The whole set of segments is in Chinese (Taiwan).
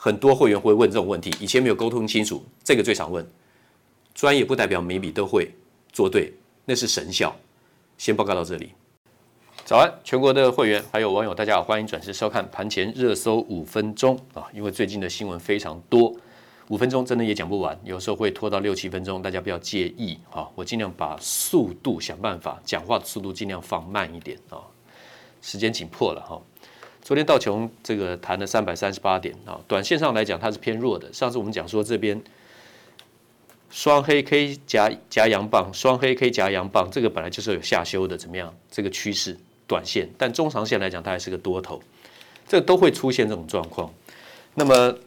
很多會員會問這種問題，以前沒有溝通清楚，這個最常問。專業不代表每筆都會做對，那是神效。先報告到這裡。早安，全國的會員還有網友，大家好，歡迎準時收看盤前熱搜五分鐘啊！因為最近的新聞非常多，五分鐘真的也講不完，有時候會拖到六七分鐘，大家不要介意啊，我儘量把速度想辦法，講話的速度儘量放慢一點啊，時間緊迫了哈。啊昨天道瓊這個談了三百三十八點啊，短線上來講它是偏弱的。上次我們講說這邊雙黑 K 夾夾陽棒，雙黑 K 夾陽棒，這個本來就是有下修的怎麼樣這個趨勢？短線，但中長線來講它還是個多頭，這都會出現這種狀況。那麼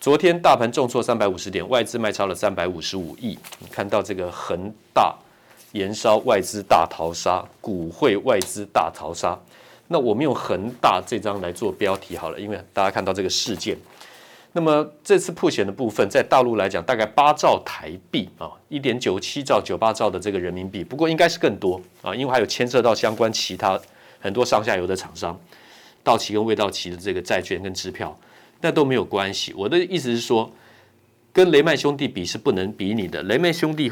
昨天大盤重挫三百五十點，外資賣超了三百五十五億，你看到這個恆大延燒，外資大逃殺，股匯外資大逃殺。那我們用恆大這張來做標題好了，因為大家看到這個事件。那麼這次曝險的部分，在大陸來講，大概八兆台幣啊，一點九七兆、九八兆的這個人民幣，不過應該是更多啊，因為還有牽涉到相關其他很多上下游的廠商，到期跟未到期的這個債券跟支票，那都沒有關係。我的意思是說，跟雷曼兄弟比是不能比擬的。雷曼兄弟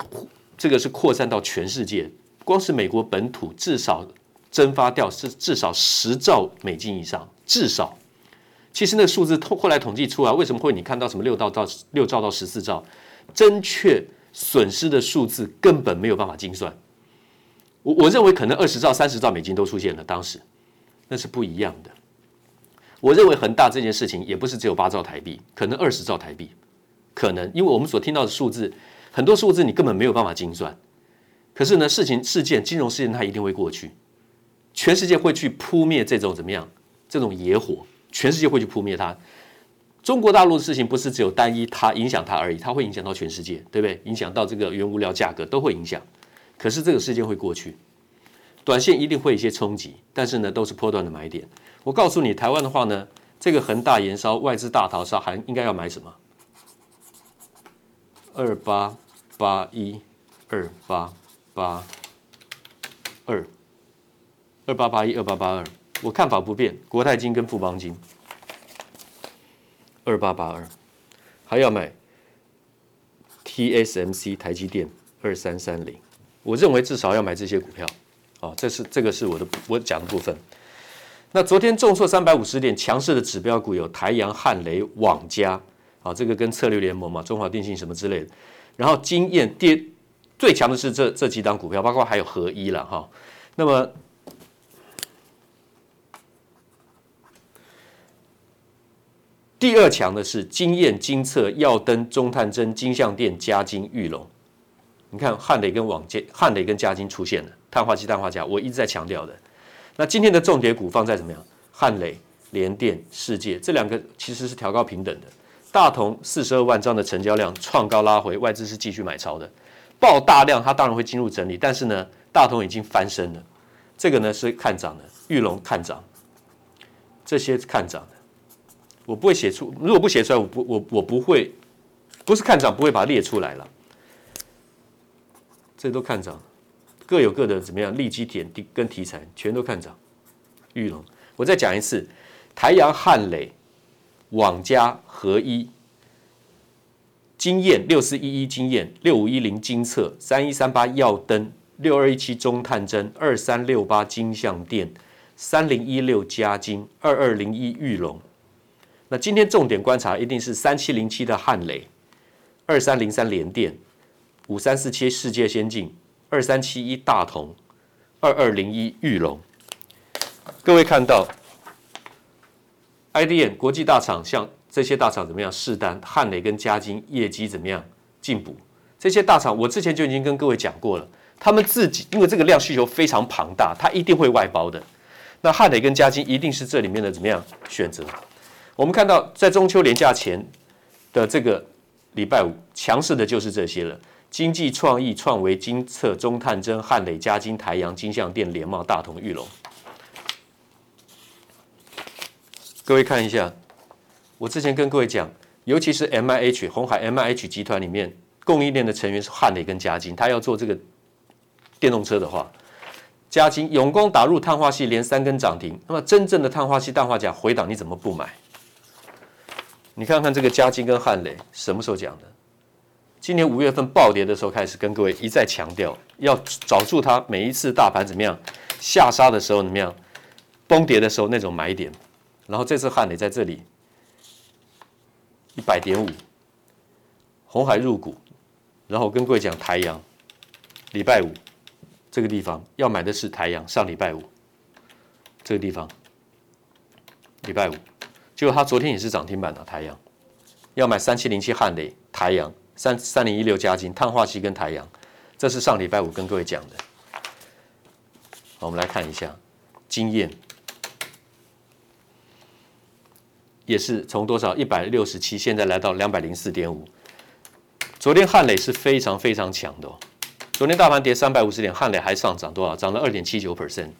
這個是擴散到全世界，光是美國本土至少。蒸發掉是至少十兆美金以上，至少，其實那數字後來統計出來，為什麼會你看到什麼六兆到六兆到十四兆，真確損失的數字根本沒有辦法精算。我我認為可能二十兆三十兆美金都出現了，當時那是不一樣的。我認為恆大這件事情也不是只有八兆台幣，可能二十兆台幣，可能因為我們所聽到的數字很多數字你根本沒有辦法精算。可是呢，事情事件金融事件它一定會過去。全世界會去撲滅這種怎麼樣？這種野火，全世界會去撲滅它。中國大陸的事情不是只有單一它影響它而已，它會影響到全世界，對不對？影響到這個原物料價格都會影響。可是這個事件會過去，短線一定會有一些衝擊，但是呢，都是波段的買點。我告訴你，台灣的話呢，這個恆大延燒，外資大逃殺，還應該要買什麼？二八八一，二八八二。二八八一、二八八二，我看法不變。國泰金跟富邦金，二八八二還要買 TSMC 台積電二三三零。2330, 我認為至少要買這些股票啊、哦，這是這個是我的我講的部分。那昨天重挫三百五十點，強勢的指標股有台陽、漢磊、網家啊、哦，這個跟策略聯盟嘛、中華電信什麼之類的。然後經驗跌最強的是這這幾檔股票，包括還有合一了哈、哦。那麼第二強的是京元精測耀登中探針金像電嘉晶裕隆，你看漢磊跟網建漢磊跟嘉晶出現了碳化硅碳化鎵，我一直在強調的。那今天的重點股放在怎麼樣？漢磊聯電世界這兩個其實是調高評等的。大同四十二萬張的成交量創高拉回，外資是繼續買超的，爆大量它當然會進入整理，但是呢，大同已經翻身了，這個呢是看漲的，裕隆看漲，這些看漲的。我不會寫出，如果不寫出來，我不，我我不會，不是看漲，不會把它列出來了。這都看漲，各有各的怎麼樣？利基點跟題材全都看漲。裕隆，我再講一次：台揚、漢磊、網家合一、晶焱六四一一、晶焱六五一零、精測三一三八、耀登六二一七、中探針二三六八、金像電三零一六、嘉晶二二零一、裕隆。那今天重點觀察一定是三七零七的漢磊、二三零三聯電、五三四七世界先進、二三七一大同、二二零一裕隆。各位看到，IDM 國際大廠像這些大廠怎麼樣？釋單漢磊跟嘉晶業績怎麼樣進步？這些大廠我之前就已經跟各位講過了，他們自己因為這個量需求非常龐大，它一定會外包的。那漢磊跟嘉晶一定是這裡面的怎麼樣選擇？我們看到，在中秋連假前的這個禮拜五，強勢的就是這些了：經濟創意、創維、精測、中探針、漢磊、嘉晶、台陽、金像電、聯茂、大同、裕隆。各位看一下，我之前跟各位講，尤其是 M I H 鴻海 M I H 集團裡面供應鏈的成員是漢磊跟嘉晶，他要做這個電動車的話，嘉晶永光打入碳化矽，連三根漲停。那麼真正的碳化矽、氮化鎵回檔，你怎麼不買？你看看這個嘉晶跟漢磊什麼時候講的？今年五月份暴跌的時候開始跟各位一再強調，要找出它每一次大盤怎麼樣下殺的時候，怎麼樣崩跌的時候那種買點。然後這次漢磊在這裡一百點五，紅海入股。然後我跟各位講，台陽禮拜五這個地方要買的是台陽，上禮拜五這個地方，禮拜五。就他昨天也是漲停板的、啊、台陽，要買三七零七漢磊、台陽三三零一六嘉晶，碳化硅跟台陽，這是上禮拜五跟各位講的。我們來看一下，嘉晶也是從多少一百六十七，167, 現在來到兩百零四點五。昨天漢磊是非常非常強的、哦，昨天大盤跌三百五十點，漢磊還上漲多少？漲了二點七九 percent。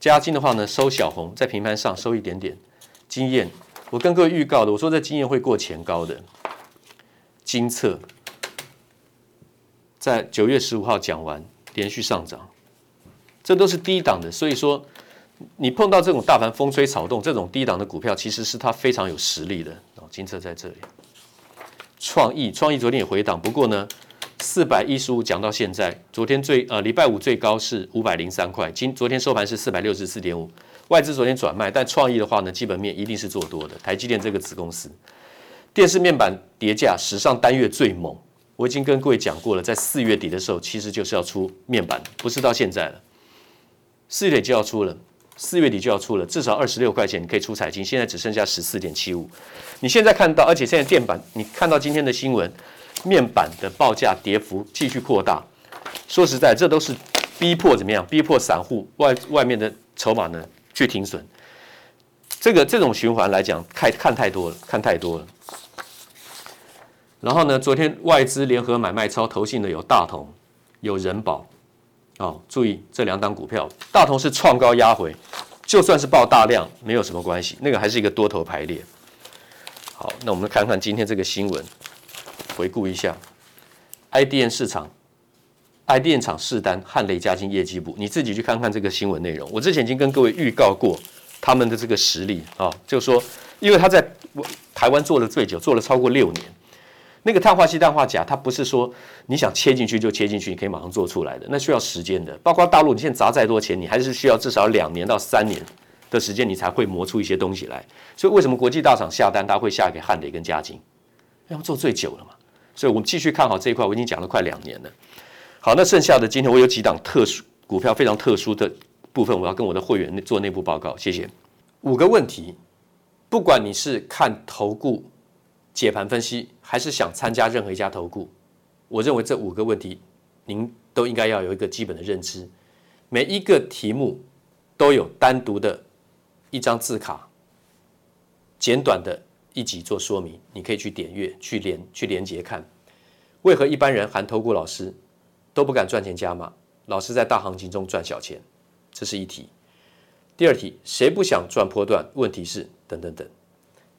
嘉晶的話呢，收小紅，在平盤上收一點點。經驗，我跟各位預告的，我說在經驗會過前高的，精測在九月十五號講完，連續上漲，這都是低檔的，所以說你碰到這種大盤風吹草動，這種低檔的股票其實是它非常有實力的。然後精測在這裡，創意創意昨天也回檔，不過呢。四百一十五講到現在，昨天最呃禮拜五最高是五百零三塊，今昨天收盤是四百六十四點五，外資昨天轉賣，但創意的話呢，基本面一定是做多的，台積電這個子公司。電視面板跌價史上單月最猛，我已經跟各位講過了，在四月底的時候，其實就是要出面板，不是到現在了，四月底就要出了。四月底就要出了，至少二十六塊錢你可以出彩金，現在只剩下十四點七五。你現在看到，而且現在電板，你看到今天的新聞，面板的報價跌幅繼續擴大。說實在，這都是逼迫怎麼樣？逼迫散戶外外面的籌碼呢去停損。這個這種循環來講，太看，看太多了，看太多了。然後呢，昨天外資聯合買賣超投信的有大同，有人保。啊、哦！注意這兩檔股票，大同是創高壓回，就算是爆大量，沒有什麼關係，那個還是一個多頭排列。好，那我們看看今天這個新聞，回顧一下，IDN 市場，IDN 廠試單漢磊嘉晶業績部，你自己去看看這個新聞內容。我之前已經跟各位預告過他們的這個實力啊、哦，就說，因為他在台灣做了最久，做了超過六年。那個碳化矽、氮化鎵，它不是說你想切進去就切進去，你可以馬上做出來的，那需要時間的。包括大陸，你現在砸再多錢，你還是需要至少兩年到三年的時間，你才會磨出一些東西來。所以，為什麼國際大廠下單，它會下給漢磊跟嘉晶？要做最久了嘛？所以我們繼續看好這一塊，我已經講了快兩年了。好，那剩下的今天我有幾檔特殊股票，非常特殊的部分，我要跟我的會員做內部報告。謝謝。五個問題，不管你是看投顧解盤分析。還是想參加任何一家投顧，我認為這五個問題，您都應該要有一個基本的認知。每一個題目都有單獨的一張字卡，簡短的一集做說明，你可以去點閱、去連、去連接看。為何一般人含投顧老師都不敢賺錢加碼，老是在大行情中賺小錢？這是一題。第二題，誰不想賺波段？問題是等等等。